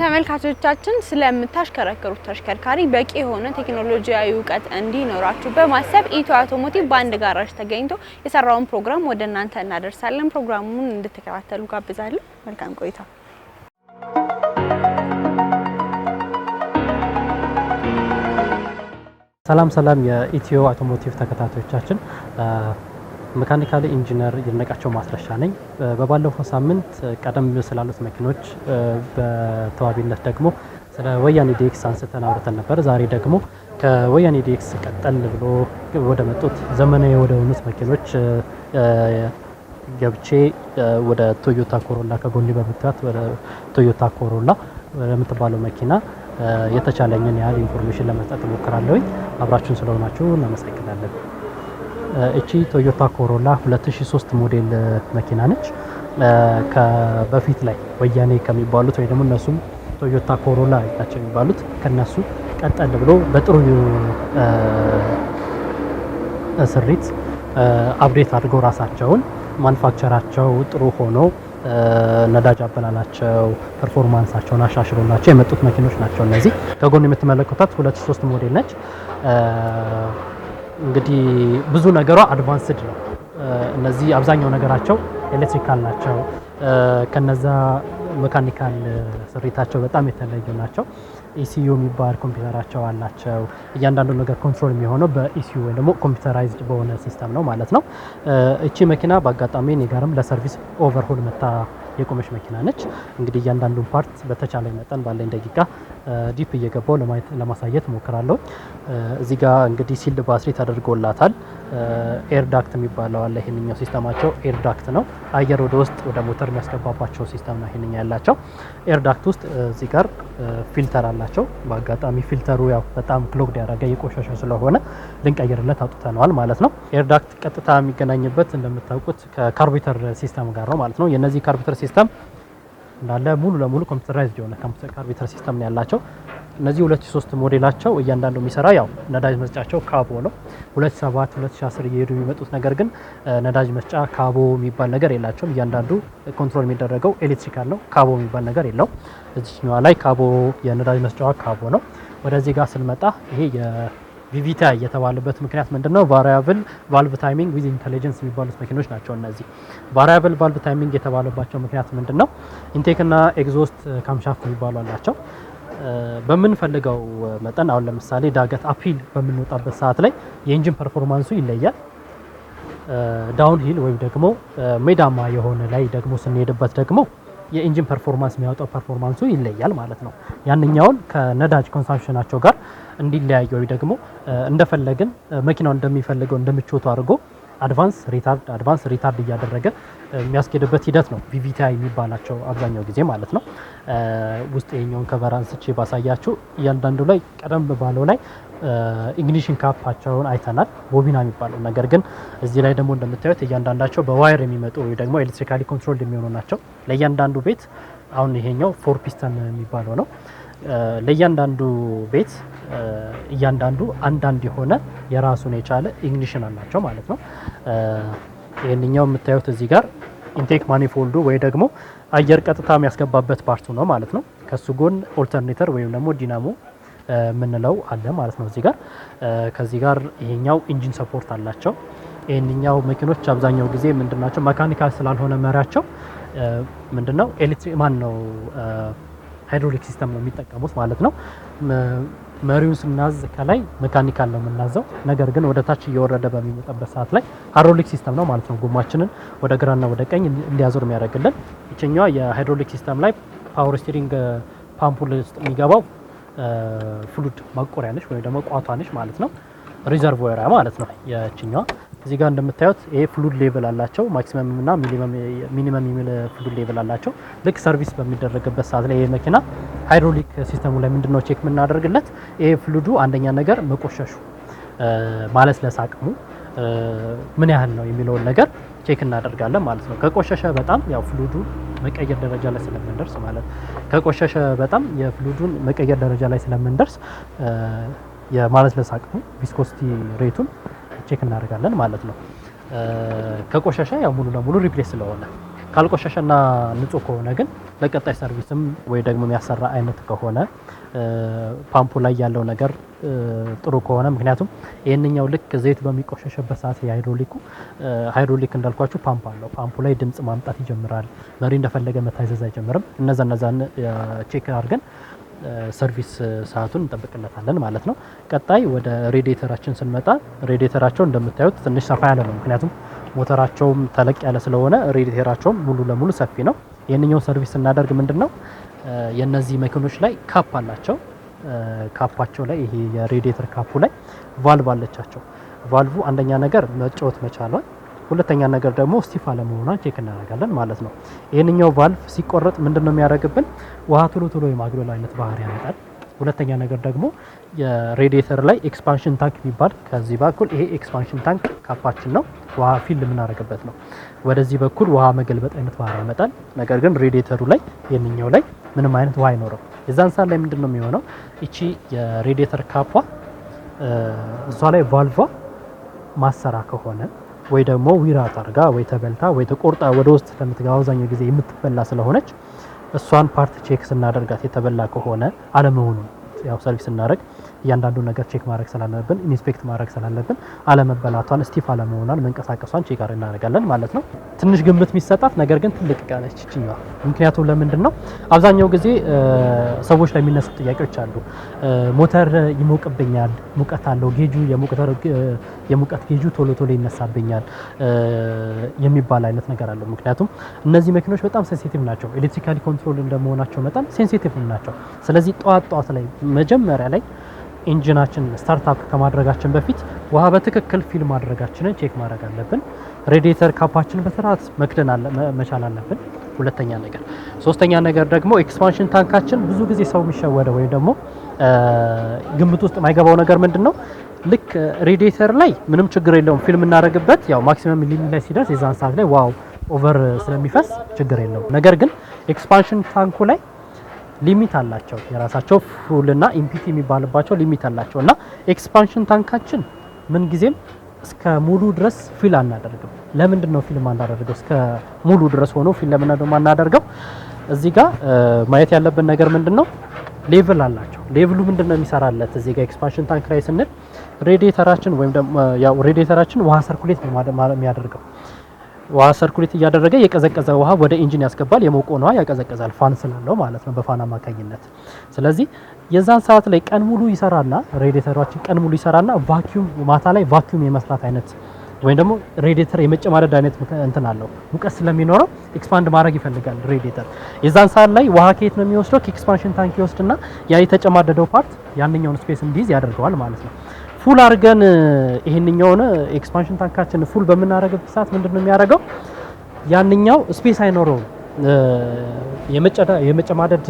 ተመልካቾቻችን ስለምታሽከረከሩት ተሽከርካሪ በቂ የሆነ ቴክኖሎጂያዊ እውቀት እንዲኖራችሁ በማሰብ ኢትዮ አውቶሞቲቭ በአንድ ጋራዥ ተገኝቶ የሰራውን ፕሮግራም ወደ እናንተ እናደርሳለን። ፕሮግራሙን እንድትከታተሉ ጋብዛለን። መልካም ቆይታ። ሰላም ሰላም፣ የኢትዮ አውቶሞቲቭ ተከታታዮቻችን መካኒካል ኢንጂነር ይድነቃቸው ማስረሻ ነኝ። በባለፈው ሳምንት ቀደም ስላሉት መኪኖች በተዋቢነት ደግሞ ስለ ወያኔ ዲኤክስ አንስተን አውርተን ነበር። ዛሬ ደግሞ ከወያኔ ዲኤክስ ቀጠል ብሎ ወደ መጡት ዘመናዊ ወደ ሆኑት መኪኖች ገብቼ ወደ ቶዮታ ኮሮላ ከጎኒ በመግባት ወደ ቶዮታ ኮሮላ የምትባለው መኪና የተቻለኝን ያህል ኢንፎርሜሽን ለመስጠት እሞክራለሁኝ። አብራችሁን ስለሆናችሁ እናመሰግናለን። እቺ ቶዮታ ኮሮላ 2003 ሞዴል መኪና ነች። በፊት ላይ ወያኔ ከሚባሉት ወይ ደግሞ እነሱም ቶዮታ ኮሮላ ናቸው የሚባሉት ከነሱ ቀጠል ብሎ በጥሩ ስሪት አብዴት አድርገው ራሳቸውን ማንፋክቸራቸው ጥሩ ሆኖ ነዳጅ አበላላቸው ፐርፎርማንሳቸውን አሻሽሎላቸው የመጡት መኪኖች ናቸው እነዚህ። ከጎን የምትመለከቷት 2003 ሞዴል ነች። እንግዲህ ብዙ ነገሯ አድቫንስድ ነው። እነዚህ አብዛኛው ነገራቸው ኤሌክትሪካል ናቸው። ከነዛ መካኒካል ስሪታቸው በጣም የተለዩ ናቸው። ኢሲዩ e የሚባል ኮምፒውተራቸው አላቸው። እያንዳንዱ ነገር ኮንትሮል የሚሆነው በኢሲዩ ወይ ደግሞ ኮምፒውተራይዝድ በሆነ ሲስተም ነው ማለት ነው። እቺ መኪና በአጋጣሚ እኔ ጋርም ለሰርቪስ ኦቨርሆል መታ የቆመች መኪና ነች። እንግዲህ እያንዳንዱን ፓርት በተቻለ መጠን ባለኝ ደቂቃ ዲፕ እየገባው ለማሳየት ሞክራለሁ። እዚህ ጋር እንግዲህ ሲልድ ባስሪ ተደርጎላታል። ኤርዳክት የሚባለው አለ። ሲስተማቸው ኤርዳክት ነው። አየር ወደ ውስጥ ወደ ሞተር የሚያስገባባቸው ሲስተም ነው ይህንኛ ያላቸው። ኤርዳክት ውስጥ እዚህ ጋር ፊልተር አላቸው። በአጋጣሚ ፊልተሩ ያው በጣም ክሎግድ ያደረገ የቆሻሻ ስለሆነ ልንቀይርለት አውጥተነዋል ማለት ነው። ኤርዳክት ቀጥታ የሚገናኝበት እንደምታውቁት ከካርቢተር ሲስተም ጋር ነው ማለት ነው። የነዚህ ካርቢተር ሲስተም እንዳለ ሙሉ ለሙሉ ኮምፒውተራይዝድ የሆነ ካርቢተር ሲስተም ነው ያላቸው። እነዚህ ሁለት ሶስት ሞዴላቸው እያንዳንዱ የሚሰራ ያው ነዳጅ መስጫቸው ካቦ ነው። ሁለት ሰባት ሁለት ሺ አስር እየሄዱ የሚመጡት ነገር ግን ነዳጅ መስጫ ካቦ የሚባል ነገር የላቸውም። እያንዳንዱ ኮንትሮል የሚደረገው ኤሌክትሪካል ነው። ካቦ የሚባል ነገር የለው። እዚህኛዋ ላይ ካቦ የነዳጅ መስጫዋ ካቦ ነው። ወደዚህ ጋር ስንመጣ ይሄ ቪቪታ የተባለበት ምክንያት ነው? ቫሪያብል ቫልቭ ታይሚንግ ዊዝ ኢንቴሊጀንስ የሚባሉት መኪኖች ናቸው። እነዚህ ቫሪያብል ቫልቭ ታይሚንግ የተባለባቸው ምክንያት ምንድነው? ኢንቴክና ኤግዞስት ካምሻፍት የሚባሉ አላቸው። በምንፈልገው መጠን አሁን ለምሳሌ ዳገት አፒል በምንወጣበት ሰዓት ላይ የኢንጂን ፐርፎርማንሱ ይለያል። ዳውን ሂል ወይም ደግሞ ሜዳማ የሆነ ላይ ደግሞ ስንሄድበት ደግሞ የኢንጂን ፐርፎርማንስ የሚያወጣው ፐርፎርማንሱ ይለያል ማለት ነው። ያንኛውን ከነዳጅ ኮንሳምፕሽናቸው ጋር እንዲለያየ ወይ ደግሞ እንደፈለግን መኪናው እንደሚፈልገው እንደምቾቱ አድርጎ አድቫንስ ሪታርድ አድቫንስ ሪታርድ እያደረገ የሚያስኬድበት ሂደት ነው። ቪቪቲአይ የሚባላቸው አብዛኛው ጊዜ ማለት ነው። ውስጥ የኛውን ከቨር አንስቼ ባሳያችሁ እያንዳንዱ ላይ ቀደም ባለው ላይ ኢግኒሽን ካፓቸውን አይተናል ቦቢና የሚባለው ነገር ግን እዚህ ላይ ደግሞ እንደምታዩት እያንዳንዳቸው በዋይር የሚመጡ ወይ ደግሞ ኤሌክትሪካሊ ኮንትሮል የሚሆኑ ናቸው። ለእያንዳንዱ ቤት አሁን ይሄኛው ፎር ፒስተን የሚባለው ነው። ለእያንዳንዱ ቤት እያንዳንዱ አንዳንድ የሆነ የራሱን የቻለ ኢግኒሽን አላቸው ማለት ነው። ይህንኛው የምታዩት እዚህ ጋር ኢንቴክ ማኒፎልዱ ወይ ደግሞ አየር ቀጥታ የሚያስገባበት ፓርቱ ነው ማለት ነው። ከሱ ጎን ኦልተርኔተር ወይም ደግሞ ዲናሞ የምንለው አለ ማለት ነው። እዚህ ጋር ከዚህ ጋር ይሄኛው ኢንጂን ሰፖርት አላቸው። ይህንኛው መኪኖች አብዛኛው ጊዜ ምንድናቸው መካኒካል ስላልሆነ መሪያቸው ምንድነው ኤሌክትሪክ ማን ነው ሃይድሮሊክ ሲስተም ነው የሚጠቀሙት ማለት ነው። መሪውን ስናዝ ከላይ መካኒካል ነው የምናዘው። ነገር ግን ወደ ታች እየወረደ በሚመጣበት ሰዓት ላይ ሃይድሮሊክ ሲስተም ነው ማለት ነው። ጎማችንን ወደ ግራና ወደ ቀኝ እንዲያዞር የሚያደርግልን ይችኛዋ የሃይድሮሊክ ሲስተም ላይ ፓወር ስቲሪንግ ፓምፑል ውስጥ የሚገባው ፍሉድ ማቆሪያ ነች ወይም ደግሞ ቋቷ ነች ማለት ነው። ሪዘርቮራ ማለት ነው የችኛዋ። እዚህ ጋር እንደምታዩት ይሄ ፍሉድ ሌቭል አላቸው። ማክሲመም እና ሚኒመም የሚል ፍሉድ ሌቭል አላቸው። ልክ ሰርቪስ በሚደረግበት ሰዓት ላይ ይሄ መኪና ሃይድሮሊክ ሲስተሙ ላይ ምንድነው ቼክ የምናደርግለት? ይሄ ፍሉዱ አንደኛ ነገር መቆሸሹ፣ ማለስለስ አቅሙ ምን ያህል ነው የሚለውን ነገር ቼክ እናደርጋለን ማለት ነው። ከቆሸሸ በጣም ያው ፍሉዱ መቀየር ደረጃ ላይ ስለምንደርስ ማለት ከቆሸሸ በጣም የፍሉዱን መቀየር ደረጃ ላይ ስለምንደርስ የማለስለስ አቅሙ ቪስኮስቲ ሬቱን ቼክ እናደርጋለን ማለት ነው። ከቆሸሸ ያው ሙሉ ለሙሉ ሪፕሌስ ስለሆነ ካልቆሸሸና ንጹህ ከሆነ ግን ለቀጣይ ሰርቪስም ወይ ደግሞ የሚያሰራ አይነት ከሆነ ፓምፑ ላይ ያለው ነገር ጥሩ ከሆነ ምክንያቱም ይህንኛው ልክ ዘይት በሚቆሸሸበት ሰዓት የሃይድሮሊኩ ሃይድሮሊክ እንዳልኳችሁ ፓምፕ አለው። ፓምፑ ላይ ድምጽ ማምጣት ይጀምራል። መሪ እንደፈለገ መታዘዝ አይጀምርም። እነዛ እነዛን ቼክ አድርገን ሰርቪስ ሰዓቱን እንጠብቅለታለን ማለት ነው። ቀጣይ ወደ ሬዲተራችን ስንመጣ ሬዲተራቸው እንደምታዩት ትንሽ ሰፋ ያለ ነው። ምክንያቱም ሞተራቸውም ተለቅ ያለ ስለሆነ ሬዲተራቸውም ሙሉ ለሙሉ ሰፊ ነው። ይህንኛው ሰርቪስ ስናደርግ ምንድን ነው የነዚህ መኪኖች ላይ ካፕ አላቸው። ካፓቸው ላይ ይሄ የሬዲየተር ካፑ ላይ ቫልቭ አለቻቸው። ቫልቭ አንደኛ ነገር መጫወት መቻሏል፣ ሁለተኛ ነገር ደግሞ ስቲፍ አለመሆኗን ቼክ እናደርጋለን ማለት ነው። ይህንኛው ቫልቭ ሲቆረጥ ምንድን ነው የሚያደርግብን? ውሃ ቶሎ ቶሎ የማግሎል አይነት ባህሪ ያመጣል። ሁለተኛ ነገር ደግሞ የሬዲየተር ላይ ኤክስፓንሽን ታንክ የሚባል ከዚህ በኩል ይሄ ኤክስፓንሽን ታንክ ካፓችን ነው፣ ውሃ ፊል የምናደርግበት ነው። ወደዚህ በኩል ውሃ መገልበጥ አይነት ባህሪ ያመጣል። ነገር ግን ሬዲተሩ ላይ የኛው ላይ ምንም አይነት ውሃ አይኖርም። የዛን ሰዓት ላይ ምንድን ነው የሚሆነው? እቺ የሬዲተር ካፓ እሷ ላይ ቫልቫ ማሰራ ከሆነ ወይ ደግሞ ዊራ ታርጋ ወይ ተበልታ ወይ ተቆርጣ ወደ ውስጥ ስለምትገባ አብዛኛው ጊዜ የምትበላ ስለሆነች እሷን ፓርት ቼክ ስናደርጋት የተበላ ከሆነ አለመሆኑን ያው ሰርቪስ ስናደርግ እያንዳንዱ ነገር ቼክ ማድረግ ስላለብን ኢንስፔክት ማድረግ ስላለብን አለመበላቷን ስቲፍ አለመሆኗን መንቀሳቀሷን ቼክ እናደርጋለን ማለት ነው። ትንሽ ግምት የሚሰጣት ነገር ግን ትልቅ እቃ ነች ምክንያቱም ለምንድን ነው አብዛኛው ጊዜ ሰዎች ላይ የሚነሱ ጥያቄዎች አሉ። ሞተር ይሞቅብኛል፣ ሙቀት አለው፣ ጌጁ የሙቀት ጌጁ ቶሎ ቶሎ ይነሳብኛል የሚባል አይነት ነገር አለው። ምክንያቱም እነዚህ መኪኖች በጣም ሴንሲቲቭ ናቸው። ኤሌክትሪካሊ ኮንትሮል እንደመሆናቸው መጠን ሴንሲቲቭ ናቸው። ስለዚህ ጠዋት ጠዋት ላይ መጀመሪያ ላይ ኢንጂናችን ስታርታፕ ከማድረጋችን በፊት ውሃ በትክክል ፊል ማድረጋችንን ቼክ ማድረግ አለብን። ሬዲተር ካፓችን በስርዓት መክደን መቻል አለብን። ሁለተኛ ነገር። ሶስተኛ ነገር ደግሞ ኤክስፓንሽን ታንካችን ብዙ ጊዜ ሰው የሚሸወደው ወይም ደግሞ ግምት ውስጥ የማይገባው ነገር ምንድን ነው? ልክ ሬዲተር ላይ ምንም ችግር የለውም ፊልም እናደርግበት ያው ማክሲመም ሊሚት ላይ ሲደርስ የዛን ሰዓት ላይ ዋው ኦቨር ስለሚፈስ ችግር የለውም። ነገር ግን ኤክስፓንሽን ታንኩ ላይ ሊሚት አላቸው። የራሳቸው ፉልና ኢምፒቲ የሚባልባቸው ሊሚት አላቸው እና ኤክስፓንሽን ታንካችን ምን ጊዜም እስከ ሙሉ ድረስ ፊል አናደርግም። ለምንድን ነው ፊል ማናደርገው? እስከ ሙሉ ድረስ ሆኖ ፊል ለምን ማናደርገው? እዚህ ጋር ማየት ያለብን ነገር ምንድን ነው? ሌቭል አላቸው። ሌቭሉ ምንድን ነው የሚሰራለት? እዚህ ጋር ኤክስፓንሽን ታንክ ላይ ስንል ሬዲተራችን ወይም ደግሞ ያው ሬዲተራችን ውሃ ሰርኩሌት ነው የሚያደርገው ውሃ ሰርኩሌት እያደረገ የቀዘቀዘ ውሃ ወደ ኢንጂን ያስገባል። የሞቀውን ውሃ ያቀዘቀዛል፣ ፋን ስላለው ማለት ነው፣ በፋን አማካኝነት። ስለዚህ የዛን ሰዓት ላይ ቀን ሙሉ ይሰራና ሬዲተራችን ቀን ሙሉ ይሰራና ቫኪዩም ማታ ላይ ቫኪዩም የመስራት አይነት ወይም ደግሞ ሬዲተር የመጨማደድ አይነት እንትን አለው። ሙቀት ስለሚኖረው ኤክስፓንድ ማድረግ ይፈልጋል ሬዲተር። የዛን ሰዓት ላይ ውሃ ከየት ነው የሚወስደው? ከኤክስፓንሽን ታንክ ይወስድና ያ የተጨማደደው ፓርት ያንኛውን ስፔስ እንዲይዝ ያደርገዋል ማለት ነው። ፉል አድርገን ይሄንኛውን ኤክስፓንሽን ታንካችን ፉል በምናደርግበት ሰዓት ምንድነው የሚያደርገው? ያንኛው ስፔስ አይኖረውም የመጨማደድ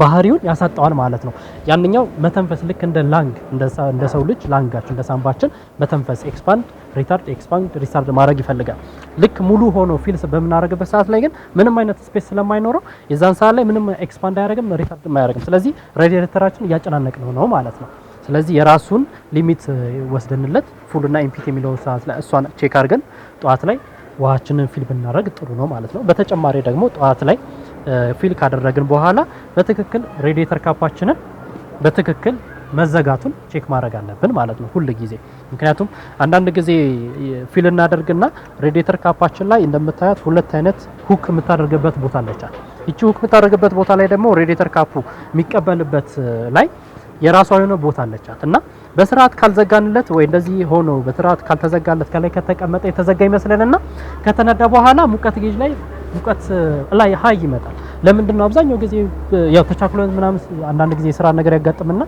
ባህሪውን ያሳጣዋል ማለት ነው። ያንኛው መተንፈስ ልክ እንደ ላንግ እንደ ሰው ልጅ ላንጋችን እንደ ሳምባችን መተንፈስ ኤክስፓንድ ሪታርድ ኤክስፓንድ ሪታርድ ማድረግ ይፈልጋል። ልክ ሙሉ ሆኖ ፊልስ በምናደርግበት ሰዓት ላይ ግን ምንም አይነት ስፔስ ስለማይኖረው የዛን ሰዓት ላይ ምንም ኤክስፓንድ አያደርግም፣ ሪታርድ አያደርግም። ስለዚህ ሬዲየተራችን እያጨናነቅ ነው ነው ማለት ነው። ስለዚህ የራሱን ሊሚት ወስደንለት ፉልና ኢምፒት የሚለው ሰዓት ላይ እሷን ቼክ አድርገን ጠዋት ላይ ውሃችንን ፊል ብናደረግ ጥሩ ነው ማለት ነው። በተጨማሪ ደግሞ ጠዋት ላይ ፊል ካደረግን በኋላ በትክክል ሬዲየተር ካፓችንን በትክክል መዘጋቱን ቼክ ማድረግ አለብን ማለት ነው ሁል ጊዜ። ምክንያቱም አንዳንድ ጊዜ ፊል እናደርግና ሬዲየተር ካፓችን ላይ እንደምታያት ሁለት አይነት ሁክ የምታደርግበት ቦታ አለቻት። ይቺ ሁክ የምታደርግበት ቦታ ላይ ደግሞ ሬዲየተር ካፑ የሚቀበልበት ላይ የራሷ የሆነ ቦታ አለቻት እና በስርዓት ካልዘጋንለት ወይ እንደዚህ ሆኖ በስርዓት ካልተዘጋለት ከላይ ከተቀመጠ የተዘጋ ይመስለንና ከተነዳ በኋላ ሙቀት ጌጅ ላይ ሙቀት ላይ ሀይ ይመጣል። ለምንድን ነው አብዛኛው ጊዜ ያው ተቻክሎን ምናምን አንዳንድ ጊዜ የስራ ነገር ያጋጥምና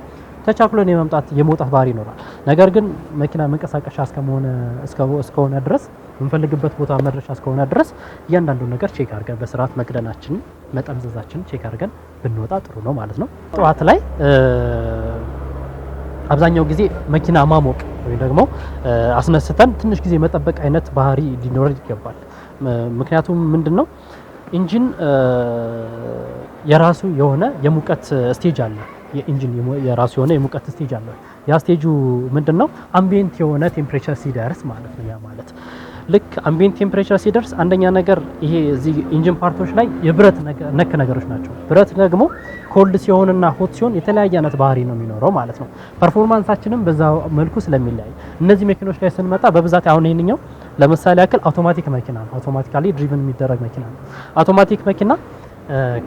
ተቻክሎን የመምጣት የመውጣት ባህሪ ይኖራል። ነገር ግን መኪና መንቀሳቀሻ እስከሆነ ድረስ የምንፈልግበት ቦታ መድረሻ እስከሆነ ድረስ እያንዳንዱ ነገር ቼክ አድርገን በስርዓት መቅደናችን መጠምዘዛችን ቼክ አድርገን ብንወጣ ጥሩ ነው ማለት ነው። ጠዋት ላይ አብዛኛው ጊዜ መኪና ማሞቅ ወይም ደግሞ አስነስተን ትንሽ ጊዜ መጠበቅ አይነት ባህሪ ሊኖረን ይገባል። ምክንያቱም ምንድን ነው ኢንጂን የራሱ የሆነ የሙቀት ስቴጅ አለ። የኢንጂን የራሱ የሆነ የሙቀት ስቴጅ አለ። ያ ስቴጁ ምንድን ነው? አምቢየንት የሆነ ቴምፕሬቸር ሲደርስ ማለት ነው ያ ማለት ልክ አምቢየንት ቴምፕሬቸር ሲደርስ አንደኛ ነገር ይሄ እዚህ ኢንጂን ፓርቶች ላይ የብረት ነክ ነገሮች ናቸው። ብረት ደግሞ ኮልድ ሲሆንና ሆት ሲሆን የተለያየ አይነት ባህሪ ነው የሚኖረው ማለት ነው። ፐርፎርማንሳችንም በዛ መልኩ ስለሚለያይ እነዚህ መኪኖች ላይ ስንመጣ በብዛት አሁን ይህንኛው ለምሳሌ ያክል አውቶማቲክ መኪና ነው። አውቶማቲካሊ ድሪቭን የሚደረግ መኪና ነው። አውቶማቲክ መኪና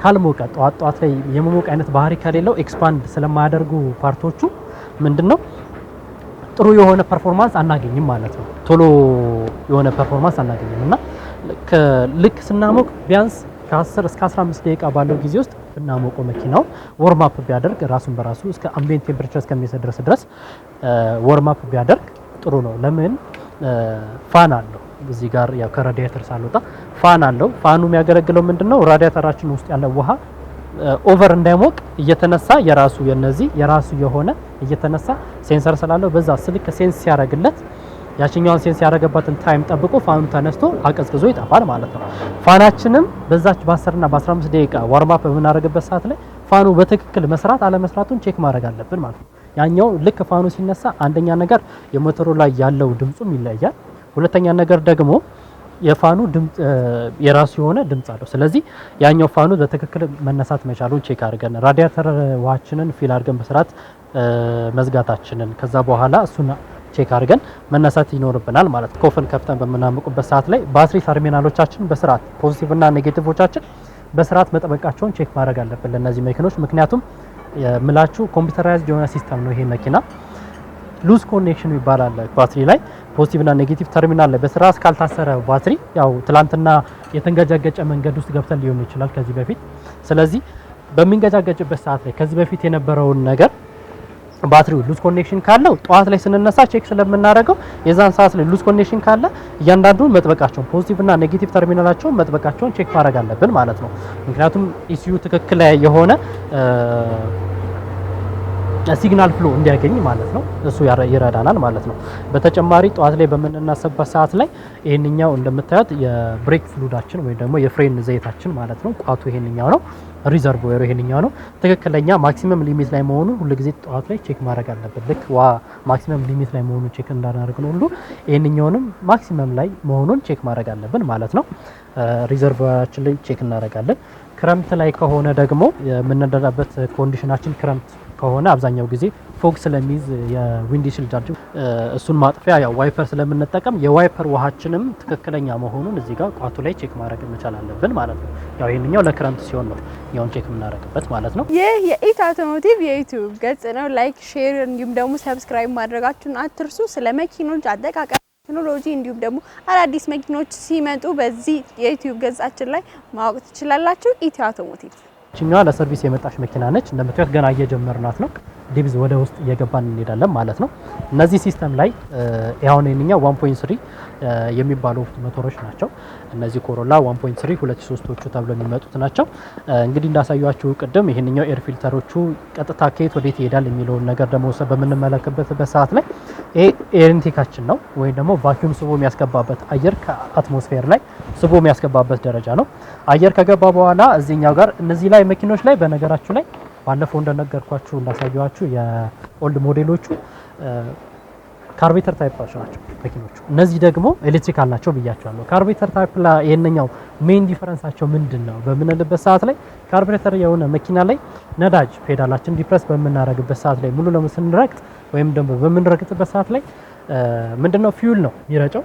ካልሞቀ ጠዋት ጠዋት ላይ የመሞቅ አይነት ባህሪ ከሌለው ኤክስፓንድ ስለማያደርጉ ፓርቶቹ ምንድን ነው ጥሩ የሆነ ፐርፎርማንስ አናገኝም ማለት ነው። ቶሎ የሆነ ፐርፎርማንስ አናገኝም እና ልክ ስናሞቅ ቢያንስ ከ10 እስከ 15 ደቂቃ ባለው ጊዜ ውስጥ ብናሞቆ መኪናው ወርማፕ ቢያደርግ ራሱን በራሱ እስከ አምቢየንት ቴምፕሬቸር እስከሚደርስ ድረስ ወርማፕ ቢያደርግ ጥሩ ነው። ለምን ፋን አለው እዚህ ጋር ያው ከራዲያተር ሳልወጣ ፋን አለው። ፋኑ የሚያገለግለው ምንድነው ራዲያተራችን ውስጥ ያለ ውሃ ኦቨር እንዳይሞቅ እየተነሳ የራሱ የነዚህ የራሱ የሆነ እየተነሳ ሴንሰር ስላለው በዛ ስልክ ሴንስ ሲያደርግለት ያችኛዋን ሴንስ ያደረገባትን ታይም ጠብቆ ፋኑ ተነስቶ አቀዝቅዞ ይጠፋል ማለት ነው። ፋናችንም በዛች በ 10 እና በ15 ደቂቃ ዋርማፕ በምናደርግበት ሰዓት ላይ ፋኑ በትክክል መስራት አለመስራቱን ቼክ ማድረግ አለብን ማለት ነው። ያኛው ልክ ፋኑ ሲነሳ አንደኛ ነገር የሞተሩ ላይ ያለው ድምጹም ይለያል። ሁለተኛ ነገር ደግሞ የፋኑ ድምጽ የራሱ የሆነ ድምጽ አለው። ስለዚህ ያኛው ፋኑ በትክክል መነሳት መቻሉን ቼክ አድርገን ራዲያተር ውሃችንን ፊል አድርገን በስርዓት መዝጋታችንን ከዛ በኋላ እሱና ቼክ አድርገን መነሳት ይኖርብናል ማለት ነው። ከፍተን በምናምቁበት ሰዓት ላይ ባትሪ ተርሚናሎቻችን በስርዓት ፖዚቲቭና ኔጌቲቮቻችን በስርዓት መጠበቃቸውን ቼክ ማድረግ አለብን ለእነዚህ መኪኖች። ምክንያቱም ምላችሁ ኮምፒውተራይዝድ የሆነ ሲስተም ነው ይሄ መኪና ሉዝ ኮኔክሽን ይባላል። ባትሪ ላይ ፖዚቲቭ እና ኔጌቲቭ ተርሚናል ላይ በስርዓት ካልታሰረ ባትሪ ያው ትላንትና የተንገጃገጨ መንገድ ውስጥ ገብተን ሊሆን ይችላል ከዚህ በፊት። ስለዚህ በሚንገጃገጭበት ሰዓት ላይ ከዚህ በፊት የነበረውን ነገር ባትሪው ሉዝ ኮኔክሽን ካለው ጠዋት ላይ ስንነሳ ቼክ ስለምናደርገው የዛን ሰዓት ላይ ሉዝ ኮኔክሽን ካለ እያንዳንዱ መጥበቃቸውን ፖዚቲቭ እና ኔጌቲቭ ተርሚናላቸውን መጥበቃቸውን ቼክ ማድረግ አለብን ማለት ነው። ምክንያቱም ኢሲዩ ትክክል የሆነ ሲግናል ፍሎ እንዲያገኝ ማለት ነው። እሱ ይረዳናል ማለት ነው። በተጨማሪ ጠዋት ላይ በምንነሳበት ሰዓት ላይ ይህንኛው እንደምታዩት የብሬክ ፍሉዳችን ወይም ደግሞ የፍሬን ዘይታችን ማለት ነው ቋቱ ይሄንኛው ነው። ወይሮ ይሄንኛው ነው። ትክክለኛ ማክሲመም ሊሚት ላይ መሆኑን ሁልጊዜ ጠዋት ላይ ቼክ ማድረግ አለበት። ልክ ዋ ማክሲመም ሊሚት ላይ መሆኑ ቼክ እንዳናደርግ ነው ሁሉ ይህንኛውንም ማክሲመም ላይ መሆኑን ቼክ ማድረግ አለብን ማለት ነው። ሪዘርቮየራችን ላይ ቼክ እናደርጋለን። ክረምት ላይ ከሆነ ደግሞ የምንደዳበት ኮንዲሽናችን ክረምት ከሆነ አብዛኛው ጊዜ ፎግ ስለሚይዝ የዊንዲሽል ጃርጅ እሱን ማጥፊያ ያው ዋይፐር ስለምንጠቀም የዋይፐር ውሃችንም ትክክለኛ መሆኑን እዚህ ጋር ቋቱ ላይ ቼክ ማድረግ መቻል አለብን ማለት ነው። ያው ይህንኛው ለክረምት ሲሆን ነው ያውን ቼክ የምናደርግበት ማለት ነው። ይህ የኢት አውቶሞቲቭ የዩቲዩብ ገጽ ነው። ላይክ፣ ሼር እንዲሁም ደግሞ ሰብስክራይብ ማድረጋችሁን አትርሱ። ስለ መኪኖች አጠቃቀም ቴክኖሎጂ እንዲሁም ደግሞ አዳዲስ መኪኖች ሲመጡ በዚህ የዩቲዩብ ገጻችን ላይ ማወቅ ትችላላችሁ። ኢትዮ አውቶሞቲቭ ችኛዋ ለሰርቪስ የመጣች መኪና ነች። እንደምታዩት ገና እየጀመርናት ነው። ዲብዝ ወደ ውስጥ እየገባን እንሄዳለን ማለት ነው። እነዚህ ሲስተም ላይ ያሁን የኛ 1.3 የሚባሉ ሞተሮች ናቸው። እነዚህ ኮሮላ 1.3 2.3ዎቹ ተብለው የሚመጡት ናቸው። እንግዲህ እንዳሳያችሁ ቅድም ይህንኛው ኤር ፊልተሮቹ ቀጥታ ከየት ወዴት ይሄዳል የሚለውን ነገር ደግሞ በምንመለከትበት ሰዓት ላይ ይሄ ኤርንቴካችን ነው ወይም ደግሞ ቫኪዩም ስቦ የሚያስገባበት አየር ከአትሞስፌር ላይ ስቦ የሚያስገባበት ደረጃ ነው። አየር ከገባ በኋላ እዚህኛው ጋር እነዚህ ላይ መኪኖች ላይ በነገራችሁ ላይ ባለፈው እንደነገርኳችሁ እንዳሳያችሁ የኦልድ ሞዴሎቹ ካርቤተር ታይፕ ናቸው መኪኖቹ። እነዚህ ደግሞ ኤሌክትሪክ አላቸው ብያቸዋለሁ። ካርቤተር ታይፕ ላ ሜን ዲፈረንሳቸው ምንድን ነው በምንልበት ሰዓት ላይ ካርቤተር የሆነ መኪና ላይ ነዳጅ ፔዳላችን ዲፕረስ በምናረግበት ሰዓት ላይ ሙሉ ለሙሉ ስንረግጥ ወይም ደግሞ በምንረግጥበት ሰዓት ላይ ምንድነው ፊውል ነው የሚረጨው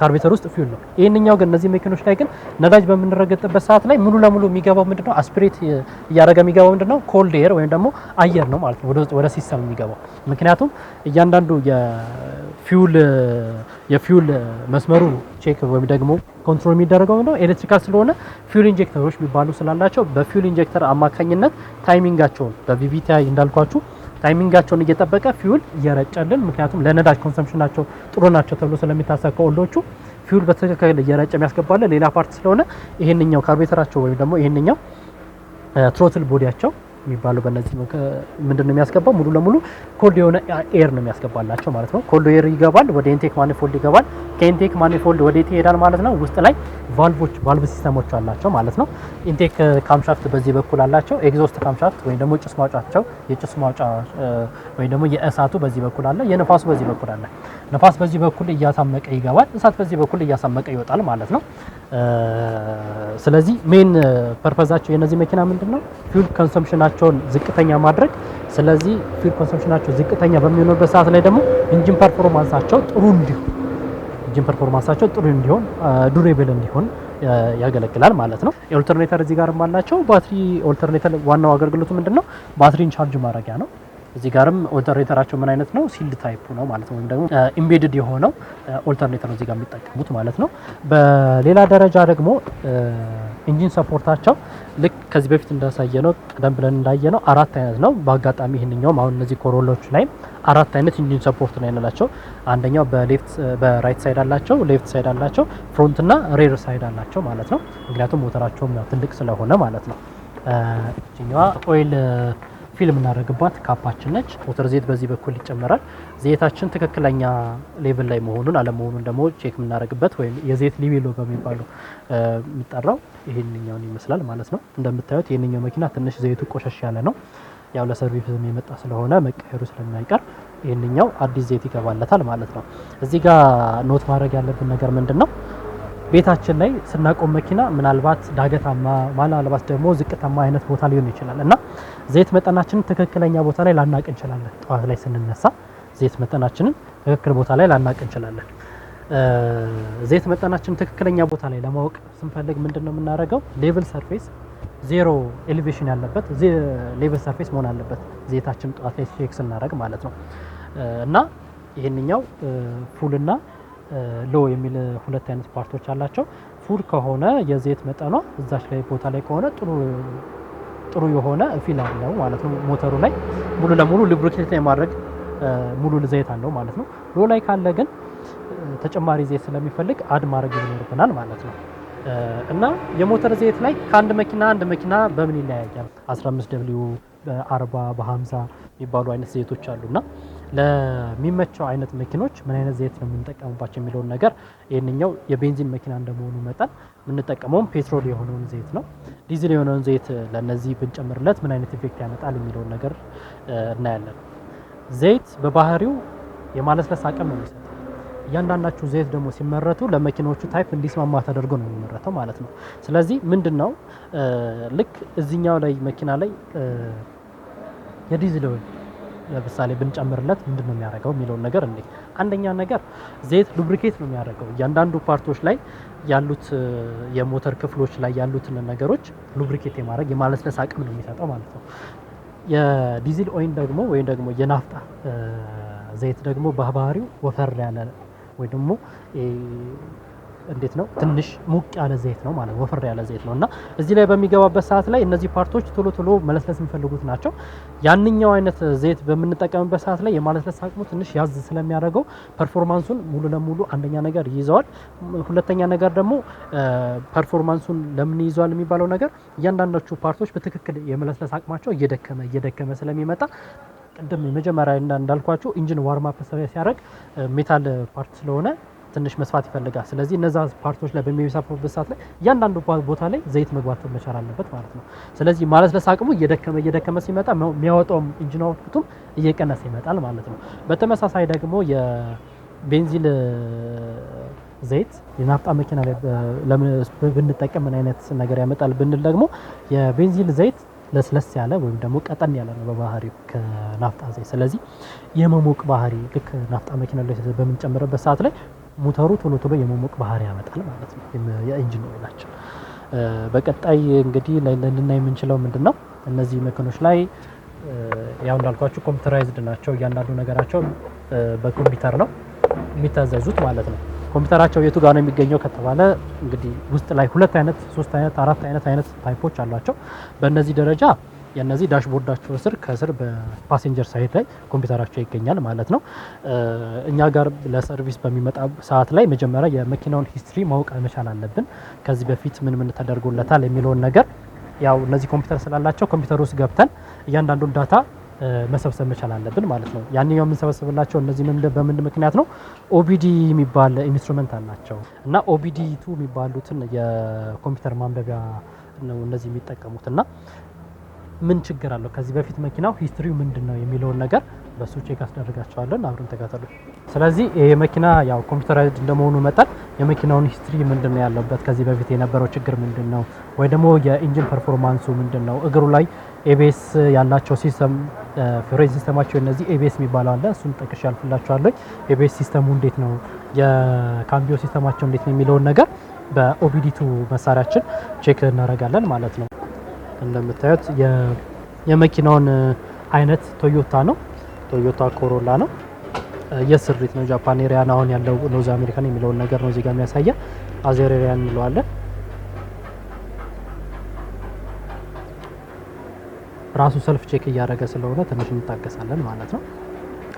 ካርቤተር ውስጥ ፊውል ነው። ይህንኛው ግን እነዚህ መኪኖች ላይ ግን ነዳጅ በምንረገጥበት ሰዓት ላይ ሙሉ ለሙሉ የሚገባው ምንድነው አስፒሬት እያደረገ የሚገባው ምንድነው ኮልድ ኤር ወይም ደግሞ አየር ነው ማለት ነው ወደ ሲስተም የሚገባው ምክንያቱም እያንዳንዱ የፊውል የፊውል መስመሩ ቼክ ወይም ደግሞ ኮንትሮል የሚደረገው ነው ኤሌክትሪካል ስለሆነ ፊውል ኢንጀክተሮች የሚባሉ ስላላቸው በፊውል ኢንጀክተር አማካኝነት ታይሚንጋቸውን በቪቪቲ እንዳልኳችሁ ታይሚንጋቸውን እየጠበቀ ፊውል እየረጨልን፣ ምክንያቱም ለነዳጅ ኮንሰምሽናቸው ጥሩ ናቸው ተብሎ ስለሚታሰብ ከወልዶቹ ፊውል በትክክል እየረጨ የሚያስገባለ ሌላ ፓርት ስለሆነ ይህንኛው ካርቤተራቸው ወይም ደግሞ ይህንኛው ትሮትል ቦዲያቸው የሚባለው በነዚህ ምንድን ነው የሚያስገባው? ሙሉ ለሙሉ ኮልድ የሆነ ኤር ነው የሚያስገባላቸው ማለት ነው። ኮልድ ኤር ይገባል፣ ወደ ኢንቴክ ማኒፎልድ ይገባል። ከኢንቴክ ማኒፎልድ ወደ የት ይሄዳል ማለት ነው? ውስጥ ላይ ቫልቮች ቫልቭ ሲስተሞች አላቸው ማለት ነው። ኢንቴክ ካምሻፍት uh, በዚህ በኩል አላቸው። ኤግዞስት ካምሻፍት ወይም ደግሞ ጭስ ማውጫቸው የጭስ ማውጫ uh, ወይም ደግሞ የእሳቱ በዚህ በኩል አለ፣ የነፋሱ በዚህ በኩል አለ። ነፋስ በዚህ በኩል እያሳመቀ ይገባል፣ እሳት በዚህ በኩል እያሳመቀ ይወጣል ማለት ነው። ስለዚህ ሜን ፐርፐዛቸው የነዚህ መኪና ምንድን ነው? ፊውል ኮንሰምፕሽናቸውን ዝቅተኛ ማድረግ። ስለዚህ ፊውል ኮንሰምፕሽናቸው ዝቅተኛ በሚሆንበት ሰዓት ላይ ደግሞ ኢንጂን ፐርፎርማንሳቸው ጥሩ እንዲሆን ኢንጂን ፐርፎርማንሳቸው ጥሩ እንዲሆን ዱሬብል እንዲሆን ያገለግላል ማለት ነው። የኦልተርኔተር እዚህ ጋር አላቸው። ባትሪ ኦልተርኔተር ዋናው አገልግሎቱ ምንድን ነው? ባትሪን ቻርጅ ማድረጊያ ነው። እዚህ ጋርም ኦልተርኔተራቸው ምን አይነት ነው? ሲልድ ታይፕ ነው ማለት ነው፣ ወይም ደግሞ ኢምቤድድ uh, የሆነው ኦልተርኔተር uh, ነው እዚህ ጋር የሚጠቀሙት ማለት ነው። በሌላ ደረጃ ደግሞ ኢንጂን uh, ሰፖርታቸው ልክ ከዚህ በፊት እንዳሳየ ነው፣ ቀደም ብለን እንዳየ ነው አራት አይነት ነው። በአጋጣሚ ይህንኛውም አሁን እነዚህ ኮሮሎች ላይ አራት አይነት ኢንጂን ሰፖርት ነው ያላቸው። አንደኛው በሌፍት በራይት ሳይድ አላቸው፣ ሌፍት ሳይድ አላቸው፣ ፍሮንትና ሬር ሳይድ አላቸው ማለት ነው። ምክንያቱም ሞተራቸውም ያው ትልቅ ስለሆነ ማለት ነው። ኦይል ፊል የምናደርግባት ካፓችን ነች። ሞተር ዘይት በዚህ በኩል ይጨመራል። ዘይታችን ትክክለኛ ሌቭል ላይ መሆኑን አለመሆኑን ደግሞ ቼክ የምናደርግበት ወይም የዘይት ሊቪሎ በሚባሉ የሚጠራው ይህንኛውን ይመስላል ማለት ነው። እንደምታዩት ይህንኛው መኪና ትንሽ ዘይቱ ቆሸሽ ያለ ነው። ያው ለሰርቪስም የመጣ ስለሆነ መቀየሩ ስለማይቀር ይህንኛው አዲስ ዘይት ይገባለታል ማለት ነው። እዚህ ጋር ኖት ማድረግ ያለብን ነገር ምንድን ነው? ቤታችን ላይ ስናቆም መኪና ምናልባት ዳገታማ ምናልባት ደግሞ ዝቅታማ አይነት ቦታ ሊሆን ይችላል እና ዘይት መጠናችንን ትክክለኛ ቦታ ላይ ላናቅ እንችላለን። ጠዋት ላይ ስንነሳ ዘይት መጠናችንን ትክክል ቦታ ላይ ላናቅ እንችላለን። ዘይት መጠናችን ትክክለኛ ቦታ ላይ ለማወቅ ስንፈልግ ምንድን ነው የምናደርገው? ሌቭል ሰርፌስ ዜሮ ኤሌቬሽን ያለበት ሌቭል ሰርፌስ መሆን አለበት ዘይታችን ጠዋት ላይ ቼክ ስናደርግ ማለት ነው እና ይህንኛው ፉልና ሎ የሚል ሁለት አይነት ፓርቶች አላቸው። ፉል ከሆነ የዘይት መጠኗ እዛች ላይ ቦታ ላይ ከሆነ ጥሩ ጥሩ የሆነ ፊል አለው ማለት ነው። ሞተሩ ላይ ሙሉ ለሙሉ ሊብሪኬት ላይ ማድረግ ሙሉ ዘይት አለው ማለት ነው። ሎ ላይ ካለ ግን ተጨማሪ ዘይት ስለሚፈልግ አድ ማድረግ ይኖርብናል ማለት ነው። እና የሞተር ዘይት ላይ ከአንድ መኪና አንድ መኪና በምን ይለያያል? 15 ደብሊው በ40 በ50 የሚባሉ አይነት ዘይቶች አሉና ለሚመቸው አይነት መኪኖች ምን አይነት ዘይት ነው የምንጠቀምባቸው የሚለውን ነገር ይህንኛው የቤንዚን መኪና እንደመሆኑ መጠን የምንጠቀመውም ፔትሮል የሆነውን ዘይት ነው። ዲዝል የሆነውን ዘይት ለነዚህ ብንጨምርለት ምን አይነት ኢፌክት ያመጣል የሚለውን ነገር እናያለን። ዘይት በባህሪው የማለስለስ አቅም ነው የሚሰጠው። እያንዳንዳችሁ ዘይት ደግሞ ሲመረቱ ለመኪናዎቹ ታይፕ እንዲስማማ ተደርጎ ነው የሚመረተው ማለት ነው። ስለዚህ ምንድን ነው ልክ እዚኛው ላይ መኪና ላይ የዲዝል ለምሳሌ ብንጨምርለት ምንድን ነው የሚያደርገው የሚለውን ነገር እንዴ፣ አንደኛ ነገር ዘይት ሉብሪኬት ነው የሚያደርገው። እያንዳንዱ ፓርቶች ላይ ያሉት የሞተር ክፍሎች ላይ ያሉትን ነገሮች ሉብሪኬት የማድረግ የማለስለስ አቅም ነው የሚሰጠው ማለት ነው። የዲዚል ኦይል ደግሞ ወይም ደግሞ የናፍጣ ዘይት ደግሞ በባህሪው ወፈር ያለ ወይ ደግሞ እንዴት ነው ትንሽ ሙቅ ያለ ዘይት ነው ማለት ወፈር ያለ ዘይት ነው እና እዚህ ላይ በሚገባበት ሰዓት ላይ እነዚህ ፓርቶች ቶሎ ቶሎ መለስለስ የሚፈልጉት ናቸው። ያንኛው አይነት ዘይት በምንጠቀምበት ሰዓት ላይ የማለስለስ አቅሙ ትንሽ ያዝ ስለሚያደርገው ፐርፎርማንሱን ሙሉ ለሙሉ አንደኛ ነገር ይይዘዋል። ሁለተኛ ነገር ደግሞ ፐርፎርማንሱን ለምን ይይዘዋል የሚባለው ነገር እያንዳንዶቹ ፓርቶች በትክክል የመለስለስ አቅማቸው እየደከመ እየደከመ ስለሚመጣ ቅድም መጀመሪያ እንዳልኳችሁ ኢንጂን ዋርማፕ ሲያደርግ ሜታል ፓርት ስለሆነ ትንሽ መስፋት ይፈልጋል። ስለዚህ እነዛ ፓርቶች ላይ በሚሰፉበት ሰዓት ላይ እያንዳንዱ ቦታ ላይ ዘይት መግባት መቻል አለበት ማለት ነው። ስለዚህ ማለስለስ አቅሙ እየደከመ እየደከመ ሲመጣ የሚያወጣውም ኢንጂን አውትፑቱም እየቀነሰ ይመጣል ማለት ነው። በተመሳሳይ ደግሞ የቤንዚን ዘይት የናፍጣ መኪና ላይ ብንጠቀም ምን አይነት ነገር ያመጣል ብንል ደግሞ የቤንዚን ዘይት ለስለስ ያለ ወይም ደግሞ ቀጠን ያለ ነው በባህሪው ከናፍጣ ዘይት። ስለዚህ የመሞቅ ባህሪ ልክ ናፍጣ መኪና ላይ በምንጨምርበት ሰዓት ላይ ሞተሩ ቶሎ ቶሎ የመሞቅ ባህሪ ያመጣል ማለት ነው። የኢንጂን ኦይላችን በቀጣይ እንግዲህ ልናይ የምንችለው ምንድን ነው? እነዚህ መኪኖች ላይ ያው እንዳልኳችሁ ኮምፒውተራይዝድ ናቸው። እያንዳንዱ ነገራቸው በኮምፒውተር ነው የሚታዘዙት ማለት ነው። ኮምፒውተራቸው የቱ ጋር ነው የሚገኘው ከተባለ እንግዲህ ውስጥ ላይ ሁለት አይነት፣ ሶስት አይነት፣ አራት አይነት አይነት ታይፖች አሏቸው። በእነዚህ ደረጃ የነዚህ ዳሽቦርዳቸው ስር ከስር በፓሴንጀር ሳይድ ላይ ኮምፒውተራቸው ይገኛል ማለት ነው። እኛ ጋር ለሰርቪስ በሚመጣ ሰዓት ላይ መጀመሪያ የመኪናውን ሂስትሪ ማወቅ መቻል አለብን። ከዚህ በፊት ምን ምን ተደርጎለታል የሚለውን ነገር ያው እነዚህ ኮምፒውተር ስላላቸው ኮምፒውተር ውስጥ ገብተን እያንዳንዱን ዳታ መሰብሰብ መቻል አለብን ማለት ነው። ያንኛው የምንሰበስብላቸው እነዚህ በምን ምክንያት ነው? ኦቢዲ የሚባል ኢንስትሩመንት አላቸው እና ኦቢዲ ቱ የሚባሉትን የኮምፒውተር ማንበቢያ ነው እነዚህ የሚጠቀሙት እና ምን ችግር አለው፣ ከዚህ በፊት መኪናው ሂስትሪው ምንድን ነው የሚለውን ነገር በሱ ቼክ አስደርጋቸዋለን። አብረን ተከተሉ። ስለዚህ ይሄ መኪና ያው ኮምፒውተራይዝድ እንደመሆኑ መጠን የመኪናውን ሂስትሪ ምንድን ነው ያለበት፣ ከዚህ በፊት የነበረው ችግር ምንድን ነው፣ ወይ ደግሞ የኢንጂን ፐርፎርማንሱ ምንድን ነው፣ እግሩ ላይ ኤቤስ ያላቸው ሲስተም ፍሬን ሲስተማቸው እነዚህ ኤቤስ የሚባለው አለ። እሱን ጠቅሼ ያልፍላቸዋለኝ። ኤቤስ ሲስተሙ እንዴት ነው፣ የካምቢዮ ሲስተማቸው እንዴት ነው የሚለውን ነገር በኦቢዲቱ መሳሪያችን ቼክ እናደርጋለን ማለት ነው። እንደምታዩት የመኪናውን አይነት ቶዮታ ነው። ቶዮታ ኮሮላ ነው። የስሪት ነው። ጃፓን ኤሪያን አሁን ያለው ኖዝ አሜሪካን የሚለውን ነገር ነው እዚጋ የሚያሳየ አዜር ኤሪያን እንለዋለን። ራሱ ሰልፍ ቼክ እያደረገ ስለሆነ ትንሽ እንታገሳለን ማለት ነው።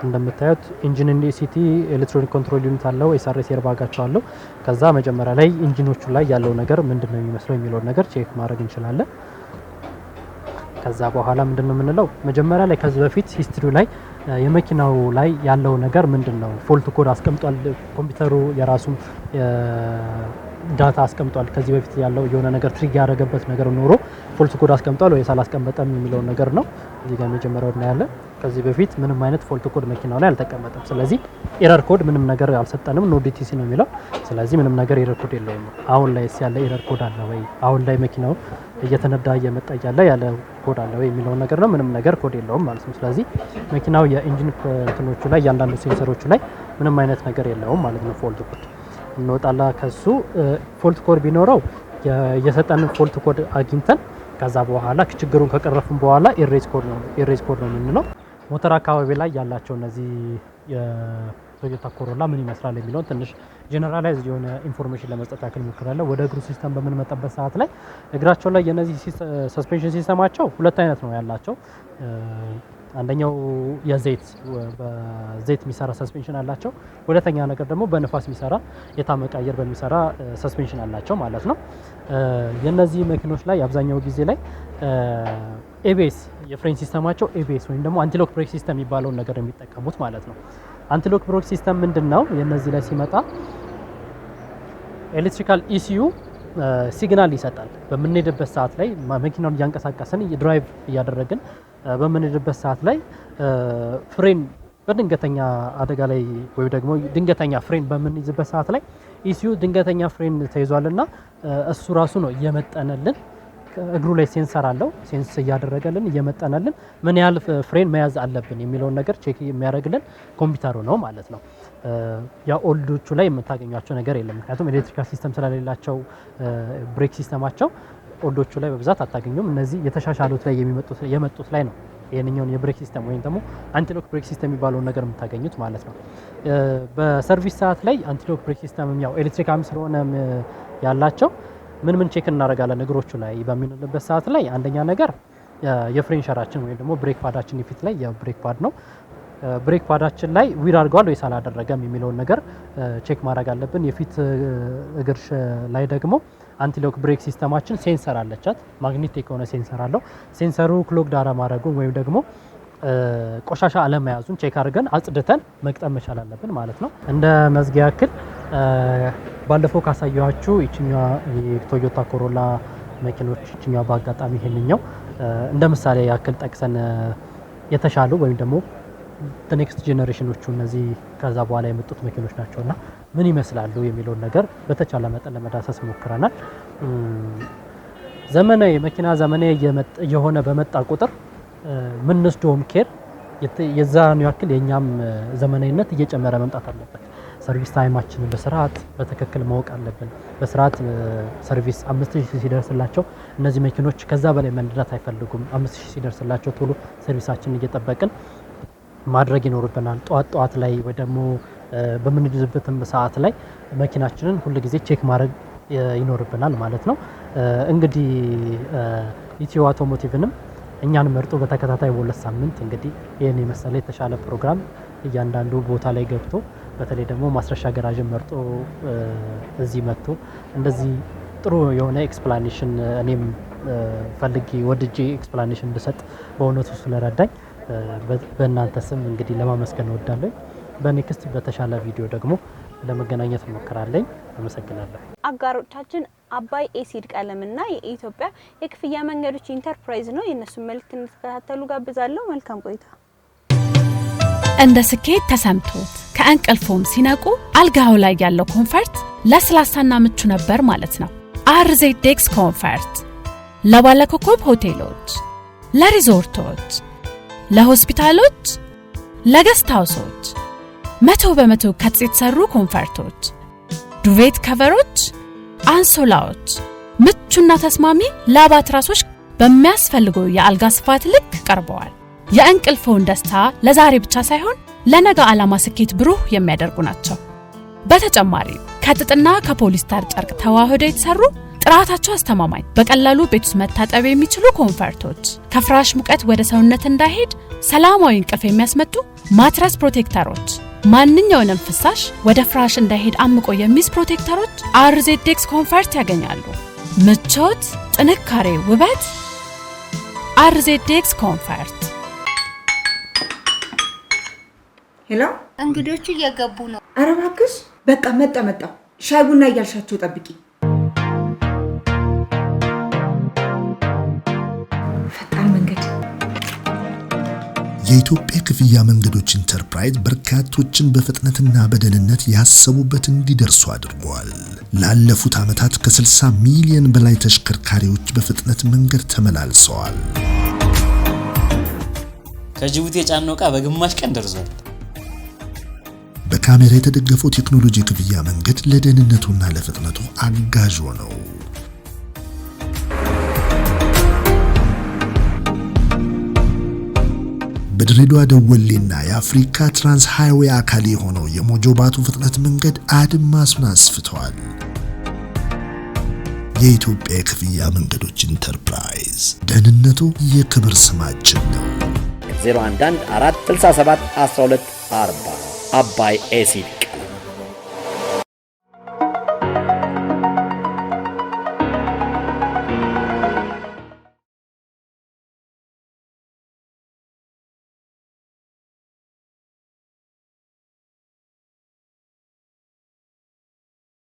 እንደምታዩት ኢንጂን ሲቲ ኤሌክትሮኒክ ኮንትሮል ዩኒት አለው። ኤስአርኤስ ኤርባጋቸው አለው። ከዛ መጀመሪያ ላይ ኢንጂኖቹ ላይ ያለው ነገር ምንድን ነው የሚመስለው የሚለውን ነገር ቼክ ማድረግ እንችላለን። ከዛ በኋላ ምንድን ነው የምንለው መጀመሪያ ላይ ከዚህ በፊት ሂስትሪ ላይ የመኪናው ላይ ያለው ነገር ምንድን ነው ፎልት ኮድ አስቀምጧል። ኮምፒውተሩ የራሱ ዳታ አስቀምጧል። ከዚህ በፊት ያለው የሆነ ነገር ትሪግ ያደረገበት ነገር ኖሮ ፎልት ኮድ አስቀምጧል ወይስ አላስቀመጠም የሚለውን ነገር ነው እዚህ ጋር መጀመሪያው እናያለን። ከዚህ በፊት ምንም አይነት ፎልት ኮድ መኪናው ላይ አልተቀመጠም። ስለዚህ ኤረር ኮድ ምንም ነገር አልሰጠንም፣ ኖ ዲቲሲ ነው የሚለው። ስለዚህ ምንም ነገር ኤረር ኮድ የለውም። አሁን ላይ ያለ ኤረር ኮድ አለ ወይ? አሁን ላይ መኪናው እየተነዳ እየመጣ እያለ ያለ ኮድ አለ ወይ የሚለውን ነገር ነው። ምንም ነገር ኮድ የለውም ማለት ነው። ስለዚህ መኪናው የኢንጂን እንትኖቹ ላይ እያንዳንዱ ሴንሰሮቹ ላይ ምንም አይነት ነገር የለውም ማለት ነው። ፎልት ኮድ እንወጣላ ከሱ ፎልት ኮድ ቢኖረው የሰጠንን ፎልት ኮድ አግኝተን ከዛ በኋላ ችግሩን ከቀረፍን በኋላ ኢሬዝ ኮድ ነው ኢሬዝ ኮድ ነው የምንለው። ሞተር አካባቢ ላይ ያላቸው እነዚህ የቶዮታ ኮሮላ ምን ይመስላል የሚለውን ትንሽ ጀነራላይዝድ የሆነ ኢንፎርሜሽን ለመስጠት ያክል ሞክራለሁ። ወደ እግሩ ሲስተም በምንመጣበት ሰዓት ላይ እግራቸው ላይ የነዚህ ሰስፔንሽን ሲስተማቸው ሁለት አይነት ነው ያላቸው። አንደኛው የዘይት በዘይት የሚሰራ ሰስፔንሽን አላቸው። ሁለተኛ ነገር ደግሞ በንፋስ የሚሰራ የታመቀ አየር በሚሰራ ሰስፔንሽን አላቸው ማለት ነው። የነዚህ መኪኖች ላይ አብዛኛው ጊዜ ላይ ኤቤስ የፍሬን ሲስተማቸው ኤቤስ ወይም ደግሞ አንቲሎክ ብሬክ ሲስተም የሚባለውን ነገር የሚጠቀሙት ማለት ነው። አንቲሎክ ብሬክ ሲስተም ምንድን ነው? የነዚህ ላይ ሲመጣ ኤሌክትሪካል ኢሲዩ ሲግናል ይሰጣል። በምንሄድበት ሰዓት ላይ መኪናውን እያንቀሳቀስን ድራይቭ እያደረግን በምንሄድበት ሰዓት ላይ ፍሬን በድንገተኛ አደጋ ላይ ወይም ደግሞ ድንገተኛ ፍሬን በምንይዝበት ሰዓት ላይ ኢሲዩ ድንገተኛ ፍሬን ተይዟልና እሱ ራሱ ነው እየመጠነልን እግሩ ላይ ሴንሰር አለው። ሴንስ እያደረገልን እየመጠነልን ምን ያህል ፍሬን መያዝ አለብን የሚለውን ነገር ቼክ የሚያደርግልን ኮምፒውተሩ ነው ማለት ነው። የኦልዶቹ ላይ የምታገኟቸው ነገር የለም። ምክንያቱም ኤሌክትሪካል ሲስተም ስለሌላቸው ብሬክ ሲስተማቸው ኦልዶቹ ላይ በብዛት አታገኙም። እነዚህ የተሻሻሉት ላይ የሚመጡት የመጡት ላይ ነው ይህንኛውን የብሬክ ሲስተም ወይም ደግሞ አንቲሎክ ብሬክ ሲስተም የሚባለውን ነገር የምታገኙት ማለት ነው። በሰርቪስ ሰዓት ላይ አንቲሎክ ብሬክ ሲስተም ያው ኤሌክትሪካም ስለሆነ ያላቸው ምን ምን ቼክ እናደርጋለን እግሮቹ ላይ በሚንልበት ሰዓት ላይ አንደኛ ነገር የፍሬን ሸራችን ወይም ደግሞ ብሬክ ፓዳችን የፊት ላይ የብሬክ ፓድ ነው ብሬክ ፓዳችን ላይ ዊድ አድርገዋል ወይስ አላደረገም የሚለውን ነገር ቼክ ማድረግ አለብን። የፊት እግር ላይ ደግሞ አንቲሎክ ብሬክ ሲስተማችን ሴንሰር አለቻት። ማግኔቲክ የሆነ ሴንሰር አለው። ሴንሰሩ ክሎግ ዳራ ማድረጉን ወይም ደግሞ ቆሻሻ አለመያዙን ቼክ አድርገን አጽድተን መቅጠም መቻል አለብን ማለት ነው። እንደ መዝጊያ ያክል ባለፈው ካሳየኋችሁ ይችኛ የቶዮታ ኮሮላ መኪኖች ይችኛ በአጋጣሚ ይሄንኛው እንደ ምሳሌ ያክል ጠቅሰን የተሻሉ ወይም ደግሞ ኔክስት ጄኔሬሽኖቹ እነዚህ ከዛ በኋላ የመጡት መኪኖች ናቸው እና ምን ይመስላሉ የሚለውን ነገር በተቻለ መጠን ለመዳሰስ ሞክረናል። ዘመናዊ መኪና ዘመናዊ የሆነ በመጣ ቁጥር ምንስዶም ኬር የዛን ያክል የእኛም ዘመናዊነት እየጨመረ መምጣት አለበት። ሰርቪስ ታይማችንን በስርዓት በትክክል ማወቅ አለብን። በስርዓት ሰርቪስ አምስት ሺህ ሲደርስላቸው እነዚህ መኪኖች ከዛ በላይ መንዳት አይፈልጉም። አምስት ሺህ ሲደርስላቸው ቶሎ ሰርቪሳችንን እየጠበቅን ማድረግ ይኖርብናል። ጠዋት ጠዋት ላይ ወይ ደግሞ በምንድዝበትም ሰዓት ላይ መኪናችንን ሁል ጊዜ ቼክ ማድረግ ይኖርብናል ማለት ነው። እንግዲህ ኢትዮ አውቶሞቲቭንም እኛን መርጦ በተከታታይ በሁለት ሳምንት እንግዲህ ይህን የመሰለ የተሻለ ፕሮግራም እያንዳንዱ ቦታ ላይ ገብቶ በተለይ ደግሞ ማስረሻ ገራዥን መርጦ እዚህ መጥቶ እንደዚህ ጥሩ የሆነ ኤክስፕላኔሽን እኔም ፈልጌ ወድጄ ኤክስፕላኔሽን እንድሰጥ በእውነቱ ስለረዳኝ በእናንተ ስም እንግዲህ ለማመስገን እወዳለኝ። በኔክስት በተሻለ ቪዲዮ ደግሞ ለመገናኘት እንሞክራለኝ። አመሰግናለሁ። አጋሮቻችን አባይ ኤሲድ ቀለምና የኢትዮጵያ የክፍያ መንገዶች ኢንተርፕራይዝ ነው። የእነሱን መልእክት እንድትከታተሉ ጋብዛለሁ። መልካም ቆይታ። እንደ ስኬት ተሰምቶት ከእንቅልፎም ሲነቁ አልጋው ላይ ያለው ኮንፈርት ለስላሳና ምቹ ነበር ማለት ነው። አርዜዴክስ ኮንፈርት ለባለኮከብ ሆቴሎች፣ ለሪዞርቶች ለሆስፒታሎች፣ ለገስት ሃውሶች፣ መቶ በመቶ ከጥጥ የተሰሩ ኮንፈርቶች፣ ዱቬት ከቨሮች፣ አንሶላዎች፣ ምቹና ተስማሚ ላባ ትራሶች በሚያስፈልገው የአልጋ ስፋት ልክ ቀርበዋል። የእንቅልፍዎን ደስታ ለዛሬ ብቻ ሳይሆን ለነገ ዓላማ ስኬት ብሩህ የሚያደርጉ ናቸው። በተጨማሪ ከጥጥና ከፖሊስተር ጨርቅ ተዋህዶ የተሰሩ ጥራታቸው አስተማማኝ፣ በቀላሉ ቤት ውስጥ መታጠብ የሚችሉ ኮንፈርቶች፣ ከፍራሽ ሙቀት ወደ ሰውነት እንዳይሄድ ሰላማዊ እንቅልፍ የሚያስመጡ ማትረስ ፕሮቴክተሮች፣ ማንኛውንም ፍሳሽ ወደ ፍራሽ እንዳይሄድ አምቆ የሚይዝ ፕሮቴክተሮች አርዜዴክስ ኮንፈርት ያገኛሉ። ምቾት፣ ጥንካሬ፣ ውበት አርዜዴክስ ኮንፈርት። ሄሎ፣ እንግዶቹ እየገቡ ነው። አረ እባክሽ፣ በቃ መጣ መጣ። ሻይ ቡና እያልሻቸው ጠብቂ። የኢትዮጵያ ክፍያ መንገዶች ኢንተርፕራይዝ በርካቶችን በፍጥነትና በደህንነት ያሰቡበት እንዲደርሱ አድርጓል። ላለፉት ዓመታት ከ60 ሚሊዮን በላይ ተሽከርካሪዎች በፍጥነት መንገድ ተመላልሰዋል። ከጅቡቲ የጫነው ዕቃ በግማሽ ቀን ደርሷል። በካሜራ የተደገፈው ቴክኖሎጂ ክፍያ መንገድ ለደህንነቱና ለፍጥነቱ አጋዥ ነው። በድሬዳዋ ደወሌና የአፍሪካ ትራንስ ሃይዌይ አካል የሆነው የሞጆ ባቱ ፍጥነት መንገድ አድማሱን አስፍተዋል። የኢትዮጵያ የክፍያ መንገዶች ኢንተርፕራይዝ ደህንነቱ የክብር ስማችን ነው። 011 467 1240 አባይ ኤሲድ